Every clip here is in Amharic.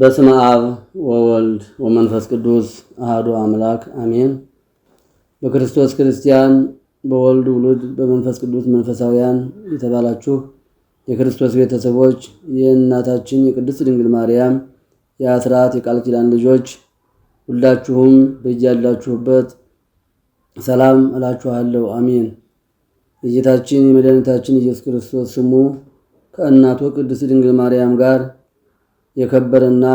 በስመ አብ ወወልድ ወመንፈስ ቅዱስ አህዱ አምላክ አሜን። በክርስቶስ ክርስቲያን በወልድ ውሉድ በመንፈስ ቅዱስ መንፈሳውያን የተባላችሁ የክርስቶስ ቤተሰቦች የእናታችን የቅድስት ድንግል ማርያም የአስራት የቃል ኪዳን ልጆች ሁላችሁም በያላችሁበት ሰላም እላችኋለሁ። አሜን። የጌታችን የመድኃኒታችን ኢየሱስ ክርስቶስ ስሙ ከእናቱ ቅድስት ድንግል ማርያም ጋር የከበረና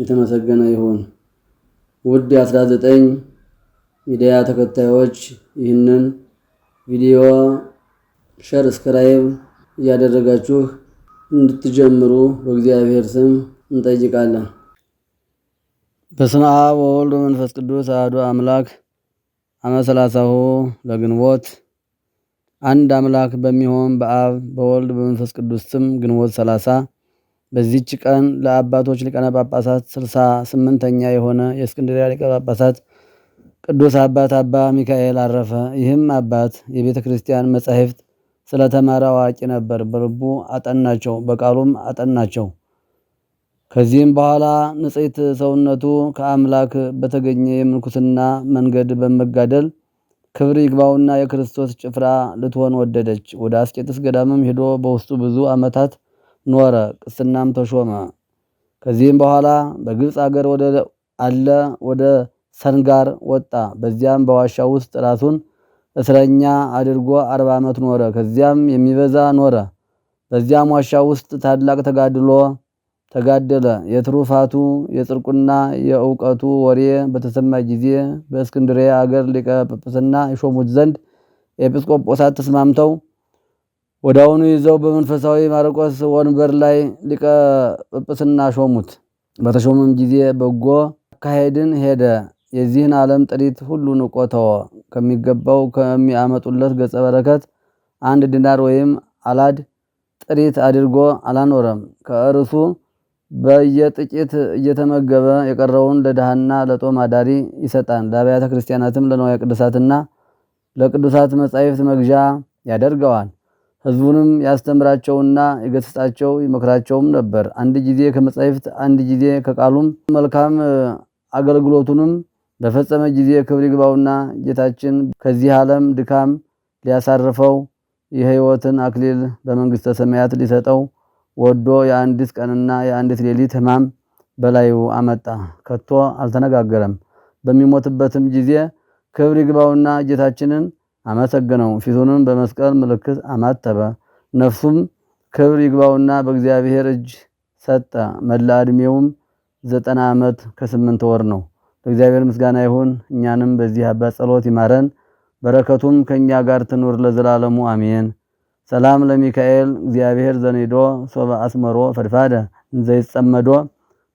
የተመሰገነ ይሁን። ውድ የ19 ሚዲያ ተከታዮች ይህንን ቪዲዮ ሸር እስክራይብ እያደረጋችሁ እንድትጀምሩ በእግዚአብሔር ስም እንጠይቃለን። በስመ አብ ወወልድ ወመንፈስ ቅዱስ አሐዱ አምላክ አመ ሠላሳሁ ለግንቦት አንድ አምላክ በሚሆን በአብ በወልድ በመንፈስ ቅዱስ ስም ግንቦት ሰላሳ በዚህች ቀን ለአባቶች ሊቃነ ጳጳሳት ስልሳ ስምንተኛ የሆነ የእስክንድሪያ ሊቀ ጳጳሳት ቅዱስ አባት አባ ሚካኤል አረፈ። ይህም አባት የቤተ ክርስቲያን መጻሕፍት ስለተማረ አዋቂ ነበር። በልቡ አጠናቸው፣ በቃሉም አጠናቸው። ከዚህም በኋላ ንጽሕት ሰውነቱ ከአምላክ በተገኘ የምንኩስና መንገድ በመጋደል ክብር ይግባውና የክርስቶስ ጭፍራ ልትሆን ወደደች። ወደ አስቄጥስ ገዳምም ሄዶ በውስጡ ብዙ ዓመታት ኖረ፣ ቅስናም ተሾመ። ከዚህም በኋላ በግብፅ አገር ወደ አለ ወደ ሰንጋር ወጣ። በዚያም በዋሻ ውስጥ ራሱን እስረኛ አድርጎ አርባ ዓመት ኖረ። ከዚያም የሚበዛ ኖረ። በዚያም ዋሻ ውስጥ ታላቅ ተጋድሎ ተጋደለ። የትሩፋቱ የጽርቁና የእውቀቱ ወሬ በተሰማ ጊዜ በእስክንድርያ አገር ሊቀ ጵጵስና የሾሙት ዘንድ ኤጲስቆጶሳት ተስማምተው ወዳውኑ ይዘው በመንፈሳዊ ማርቆስ ወንበር ላይ ሊቀ ጵጵስና ሾሙት። በተሾመም ጊዜ በጎ አካሄድን ሄደ። የዚህን ዓለም ጥሪት ሁሉ ንቆ ተወ። ከሚገባው ከሚያመጡለት ገጸ በረከት አንድ ዲናር ወይም አላድ ጥሪት አድርጎ አላኖረም። ከእርሱ በየጥቂት እየተመገበ የቀረውን ለድሃና ለጦም አዳሪ ይሰጣል። ለአብያተ ክርስቲያናትም ለንዋየ ቅዱሳትና ለቅዱሳት መጻሕፍት መግዣ ያደርገዋል። ህዝቡንም ያስተምራቸውና ይገስጻቸው ይመክራቸውም ነበር። አንድ ጊዜ ከመጻሕፍት አንድ ጊዜ ከቃሉም መልካም አገልግሎቱንም በፈጸመ ጊዜ ክብር ይግባውና ጌታችን ከዚህ ዓለም ድካም ሊያሳርፈው የህይወትን አክሊል በመንግስተ ሰማያት ሊሰጠው ወዶ የአንዲት ቀንና የአንዲት ሌሊት ህማም በላዩ አመጣ። ከቶ አልተነጋገረም። በሚሞትበትም ጊዜ ክብር ይግባውና ጌታችንን አመሰገነው። ፊቱንም በመስቀል ምልክት አማተበ። ነፍሱም ክብር ይግባውና በእግዚአብሔር እጅ ሰጠ። መላ ዕድሜውም ዘጠና ዓመት ከስምንት ወር ነው። ለእግዚአብሔር ምስጋና ይሁን። እኛንም በዚህ አባት ጸሎት ይማረን፣ በረከቱም ከእኛ ጋር ትኑር ለዘላለሙ አሜን። ሰላም ለሚካኤል እግዚአብሔር ዘኔዶ ሶበ አስመሮ ፈድፋደ እንዘይጸመዶ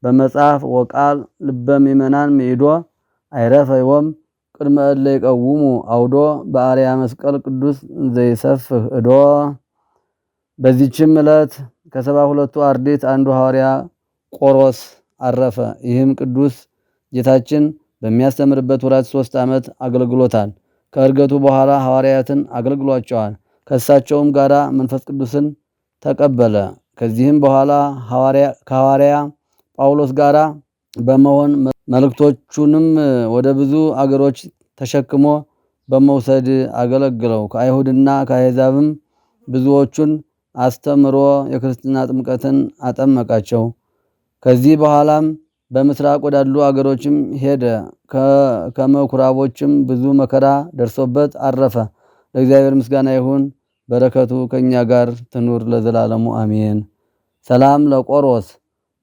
በመጽሐፍ ወቃል ልበ ምእመናን ምዒዶ አይረፈይዎም ቅድመ እለ ይቀውሙ አውዶ በአርያ መስቀል ቅዱስ ዘይሰፍህ እዶ። በዚችም ዕለት ከሰባ ሁለቱ አርዴት አንዱ ሐዋርያ ቆሮስ አረፈ። ይህም ቅዱስ ጌታችን በሚያስተምርበት ወራት ሶስት ዓመት አገልግሎታል። ከእርገቱ በኋላ ሐዋርያትን አገልግሏቸዋል። ከእሳቸውም ጋራ መንፈስ ቅዱስን ተቀበለ። ከዚህም በኋላ ከሐዋርያ ጳውሎስ ጋራ በመሆን መልእክቶቹንም ወደ ብዙ አገሮች ተሸክሞ በመውሰድ አገለግለው ከአይሁድና ከአሕዛብም ብዙዎቹን አስተምሮ የክርስትና ጥምቀትን አጠመቃቸው። ከዚህ በኋላም በምስራቅ ወዳሉ አገሮችም ሄደ። ከመኩራቦችም ብዙ መከራ ደርሶበት አረፈ። ለእግዚአብሔር ምስጋና ይሁን፣ በረከቱ ከእኛ ጋር ትኑር ለዘላለሙ አሜን። ሰላም ለቆሮስ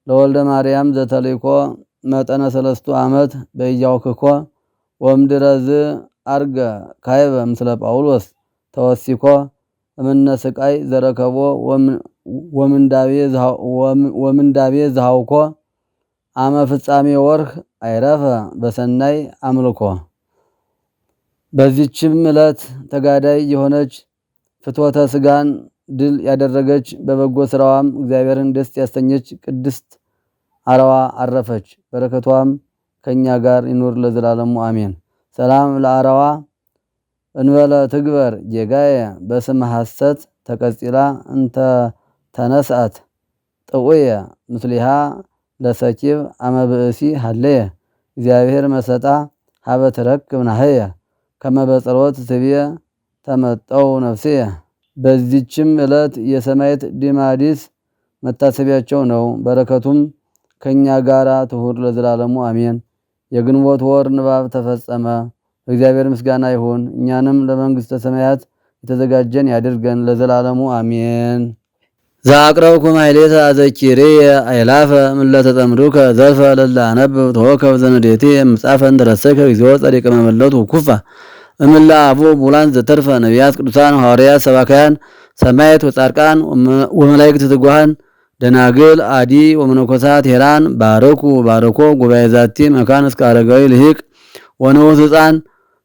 ለወልደ ማርያም ዘተልእኮ መጠነ ሰለስቱ ዓመት በያውክኮ ወምድረዝ አርገ ካይበ ምስለ ጳውሎስ ተወሲኮ እምነ ስቃይ ዘረከቦ ወምንዳቤ ዝሃውኮ አመ ፍጻሜ ወርህ አይረፈ በሰናይ አምልኮ። በዚችም ዕለት ተጋዳይ የሆነች ፍትወተ ስጋን ድል ያደረገች በበጎ ስራዋም እግዚአብሔርን ደስ ያሰኘች ቅድስት አራዋ አረፈች። በረከቷም ከኛ ጋር ይኑር ለዘላለሙ አሜን። ሰላም ለአራዋ እንበለ ትግበር ጌጋየ በስመ ሐሰት ተቀጽላ እንተ ተነስአት ጥውየ ምስሊሃ ለሰኪብ አመብእሲ ሃለየ እግዚአብሔር መሰጣ ሀበ ትረክብ ናህየ ከመበጸሎት ስብየ ተመጠው ነፍስየ። በዚችም ዕለት የሰማዕት ዲማዲስ መታሰቢያቸው ነው። በረከቱም ከእኛ ጋር ትሁን ለዘላለሙ አሜን። የግንቦት ወር ንባብ ተፈጸመ። እግዚአብሔር ምስጋና ይሁን። እኛንም ለመንግሥተ ሰማያት የተዘጋጀን ያድርገን ለዘላለሙ አሜን። ዘአቅረብኩ ማሕሌተ አዘኪሬ አይላፈ እምእለ ተጠምዱከ ዘልፈ ለእለ አነብብ ተወከብ ዘንዴቲ ምጻፈ እንደረሰከ እግዚኦ ጸዲቀ መመለቱ ኩፋ እምላ አቡ ቡላን ዘተርፈ ነቢያት፣ ቅዱሳን ሐዋርያት፣ ሰባካያን፣ ሰማዕት ወጻርቃን ወመላእክት ትጉሃን ደናግል አዲ ወመነኮሳት ሄራን ባረኩ ባረኮ ጉባኤ ዛቲ መካን እስከ አረጋዊ ልሂቅ ወንዑስ ሕፃን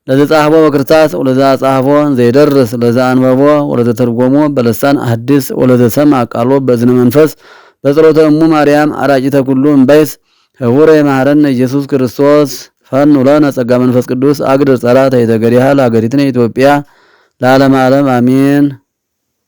ለዘጻሕቦ በክርታስ ወለዛ ጻሕፎ ዘይደርስ ለዛ አንበቦ ወለዘ በለሳን አዲስ ወለዘ ሰምዐ ቃሎ በዝነ መንፈስ በጸሎተ እሙ ማርያም አራቂተ ኩሉ እምበይስ ህቡረ የማህረነ ኢየሱስ ክርስቶስ ፈኑ ለነ ጸጋ መንፈስ ቅዱስ አግድር ጸራተ የተገሪሃል አገሪትነ ኢትዮጵያ ለዓለም ዓለም አሜን።